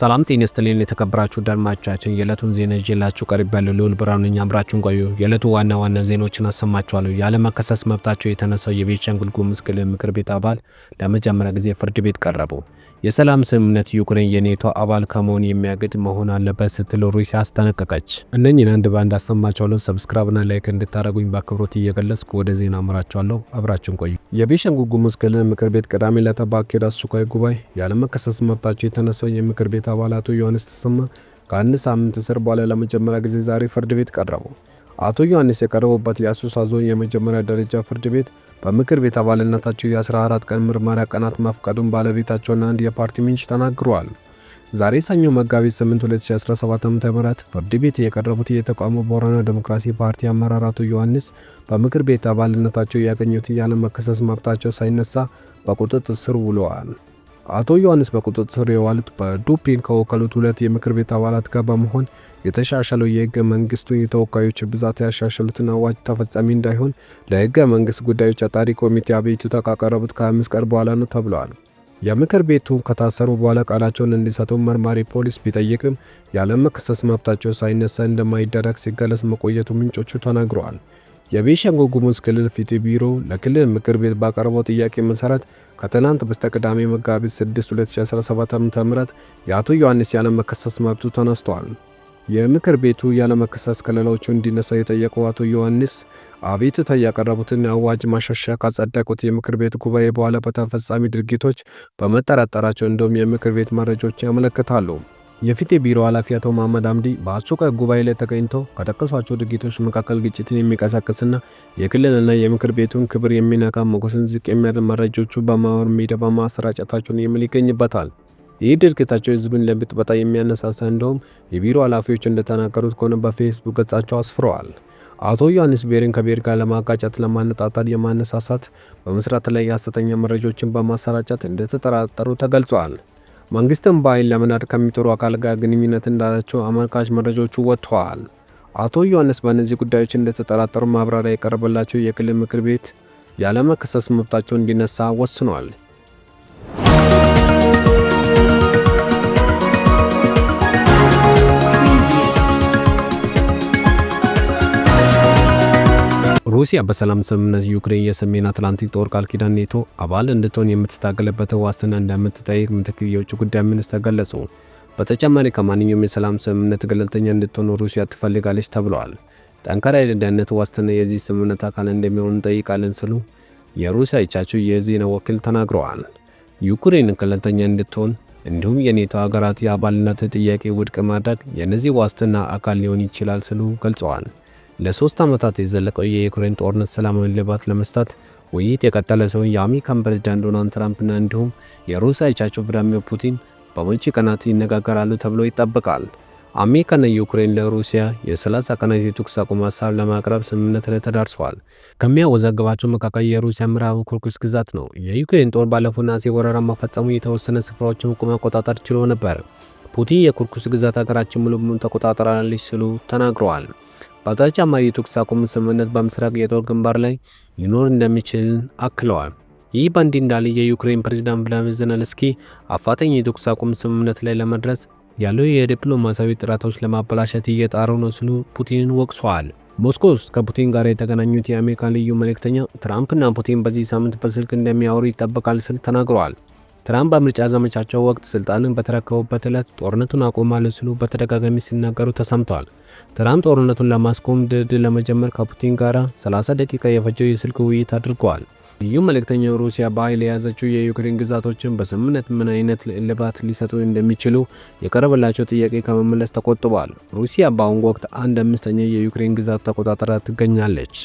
ሰላም ጤና ይስጥልኝ የተከበራችሁ አድማጮቻችን፣ የዕለቱን ዜና ይዤላችሁ ቀርቤያለሁ። ልዑል ብርሃኑ ነኝ። አብራችሁን ቆዩ። የዕለቱ ዋና ዋና ዜናዎችን አሰማችኋለሁ። ያለመከሰስ መብታቸው የተነሳው የቤንሻንጉል ጉሙዝ ክልል ምክር ቤት አባል ለመጀመሪያ ጊዜ ፍርድ ቤት ቀረቡ። የሰላም ስምምነት ዩክሬን የኔቶ አባል ከመሆን የሚያግድ መሆን አለበት ስትል ሩሲያ አስጠነቀቀች። እነኝን አንድ ባንድ አሰማችኋለሁ። ሰብስክራብና ላይክ እንድታደረጉኝ በአክብሮት እየገለጽኩ ወደ ዜና አምራችኋለሁ። አብራችሁን ቆዩ። የቤንሻንጉል ጉሙዝ ክልል ምክር ቤት ቅዳሜ ዕለት ባካሄደው አስቸኳይ ጉባኤ ያለመከሰስ መብታቸው የተነሳው የምክር ቤት አባል አቶ ዮሐንስ ተሰማ ከአንድ ሳምንት እስር በኋላ ለመጀመሪያ ጊዜ ዛሬ ፍርድ ቤት ቀረቡ። አቶ ዮሐንስ የቀረቡበት የአሶሳ ዞን የመጀመሪያ ደረጃ ፍርድ ቤት በምክር ቤት አባልነታቸው የ14 ቀን ምርመራ ቀናት ማፍቀዱን ባለቤታቸውና አንድ የፓርቲ ምንጭ ተናግረዋል። ዛሬ ሰኞ መጋቢት 8 2017 ዓ.ም ፍርድ ቤት የቀረቡት የተቋሙ ቦረና ዴሞክራሲ ፓርቲ አመራር አቶ ዮሐንስ በምክር ቤት አባልነታቸው ያገኙት መከሰስ መብታቸው ሳይነሳ በቁጥጥር ስር ውለዋል። አቶ ዮሐንስ በቁጥጥር ስር የዋሉት በዶፒንግ ከወከሉት ሁለት የምክር ቤት አባላት ጋር በመሆን የተሻሻለው የህገ መንግስቱን የተወካዮች ብዛት ያሻሸሉትን አዋጅ ተፈጻሚ እንዳይሆን ለህገ መንግስት ጉዳዮች አጣሪ ኮሚቴ አቤቱታ ካቀረቡት ከአምስት ቀን በኋላ ነው ተብለዋል። የምክር ቤቱ ከታሰሩ በኋላ ቃላቸውን እንዲሰጡ መርማሪ ፖሊስ ቢጠይቅም ያለመከሰስ መብታቸው ሳይነሳ እንደማይደረግ ሲገለጽ መቆየቱ ምንጮቹ ተናግረዋል። የቤንሻንጉል ጉሙዝ ክልል ፍትህ ቢሮ ለክልል ምክር ቤት ባቀረበው ጥያቄ መሰረት ከትናንት በስተቅዳሜ መጋቢት 6 2017 ዓ.ም የአቶ ዮሐንስ ያለመከሰስ መብቱ ተነስቷል። የምክር ቤቱ ያለመከሰስ ክልሎቹ እንዲነሳ የጠየቀው አቶ ዮሐንስ አቤቱታ ያቀረቡትን አዋጅ ማሻሻያ ካጸደቁት የምክር ቤት ጉባኤ በኋላ በተፈጻሚ ድርጊቶች በመጠራጠራቸው እንደውም የምክር ቤት መረጃዎች ያመለክታሉ። የፊት የቢሮ ኃላፊ አቶ መሐመድ አምዲ በአስቸኳይ ጉባኤ ላይ ተገኝቶ ከጠቀሷቸው ድርጊቶች መካከል ግጭትን የሚቀሳቅስና የክልልና የምክር ቤቱን ክብር የሚነካ ሞገስን ዝቅ የሚያደርግ መረጃዎቹ በማህበራዊ ሚዲያ በማሰራጨታቸውን የሚል ይገኝበታል። ይህ ድርጊታቸው ህዝብን ለብጥብጥ የሚያነሳሳ እንደውም የቢሮ ኃላፊዎች እንደተናገሩት ከሆነ በፌስቡክ ገጻቸው አስፍረዋል። አቶ ዮሐንስ ብሔርን ከብሔር ጋር ለማጋጨት፣ ለማነጣጣል፣ የማነሳሳት በመስራት ላይ የሐሰተኛ መረጃዎችን በማሰራጨት እንደተጠራጠሩ ተገልጿል። መንግስትም በኃይል ለመናድ ከሚጥሩ አካል ጋር ግንኙነት እንዳላቸው አመልካች መረጃዎቹ ወጥተዋል። አቶ ዮሐንስ በእነዚህ ጉዳዮች እንደተጠራጠሩ ማብራሪያ የቀረበላቸው የክልል ምክር ቤት ያለመከሰስ መብታቸው እንዲነሳ ወስኗል። ሩሲያ በሰላም ስምምነት ዩክሬን የሰሜን አትላንቲክ ጦር ቃል ኪዳን ኔቶ አባል እንድትሆን የምትታገልበትን ዋስትና እንደምትጠይቅ ምክትል የውጭ ጉዳይ ሚኒስትር ገለጹ። በተጨማሪ ከማንኛውም የሰላም ስምምነት ገለልተኛ እንድትሆን ሩሲያ ትፈልጋለች ተብለዋል። ጠንካራ የደህንነት ዋስትና የዚህ ስምምነት አካል እንደሚሆን እንጠይቃለን ስሉ የሩሲያ አቻቸው የዜና ወኪል ተናግረዋል። ዩክሬን ገለልተኛ እንድትሆን እንዲሁም የኔቶ ሀገራት የአባልነት ጥያቄ ውድቅ ማድረግ የነዚህ ዋስትና አካል ሊሆን ይችላል ስሉ ገልጸዋል። ለሶስት ዓመታት የዘለቀው የዩክሬን ጦርነት ሰላማዊ ልባት ለመስጠት ውይይት የቀጠለ ሲሆን የአሜሪካን ፕሬዝዳንት ዶናልድ ትራምፕና እንዲሁም የሩሲያ አቻቸው ቭላድሚር ፑቲን በመጪ ቀናት ይነጋገራሉ ተብሎ ይጠበቃል። አሜሪካና ዩክሬን ለሩሲያ የ30 ቀናት የተኩስ አቁም ሀሳብ ለማቅረብ ስምምነት ላይ ተዳርሰዋል። ከሚያወዛግባቸው መካከል የሩሲያ ምዕራብ ኩርኩስ ግዛት ነው። የዩክሬን ጦር ባለፈው ነሐሴ ወረራ ማፈጸሙ የተወሰነ ስፍራዎችን መቆጣጠር ችሎ ነበር። ፑቲን የኩርኩስ ግዛት ሀገራችን ሙሉ በሙሉ ተቆጣጠራለች ሲሉ ተናግረዋል። በተጨማሪ የተኩስ አቁም ስምምነት በምስራቅ የጦር ግንባር ላይ ሊኖር እንደሚችል አክለዋል። ይህ በእንዲህ እንዳለ የዩክሬን ፕሬዝዳንት ቭላድሚር ዘለንስኪ አፋጣኝ የተኩስ አቁም ስምምነት ላይ ለመድረስ ያለው የዲፕሎማሲያዊ ጥረቶች ለማበላሸት እየጣሩ ነው ሲሉ ፑቲንን ወቅሰዋል። ሞስኮ ውስጥ ከፑቲን ጋር የተገናኙት የአሜሪካ ልዩ መልእክተኛ ትራምፕና ፑቲን በዚህ ሳምንት በስልክ እንደሚያወሩ ይጠበቃል ስል ተናግረዋል። ትራምፕ በምርጫ ዘመቻቸው ወቅት ስልጣንን በተረከቡበት ዕለት ጦርነቱን አቆማለሁ ሲሉ በተደጋጋሚ ሲናገሩ ተሰምተዋል። ትራምፕ ጦርነቱን ለማስቆም ድርድር ለመጀመር ከፑቲን ጋር 30 ደቂቃ የፈጀው የስልክ ውይይት አድርገዋል። ልዩ መልእክተኛው ሩሲያ በኃይል የያዘችው የዩክሬን ግዛቶችን በስምምነት ምን አይነት እልባት ሊሰጡ እንደሚችሉ የቀረበላቸው ጥያቄ ከመመለስ ተቆጥቧል። ሩሲያ በአሁኑ ወቅት አንድ አምስተኛ የዩክሬን ግዛት ተቆጣጠራ ትገኛለች።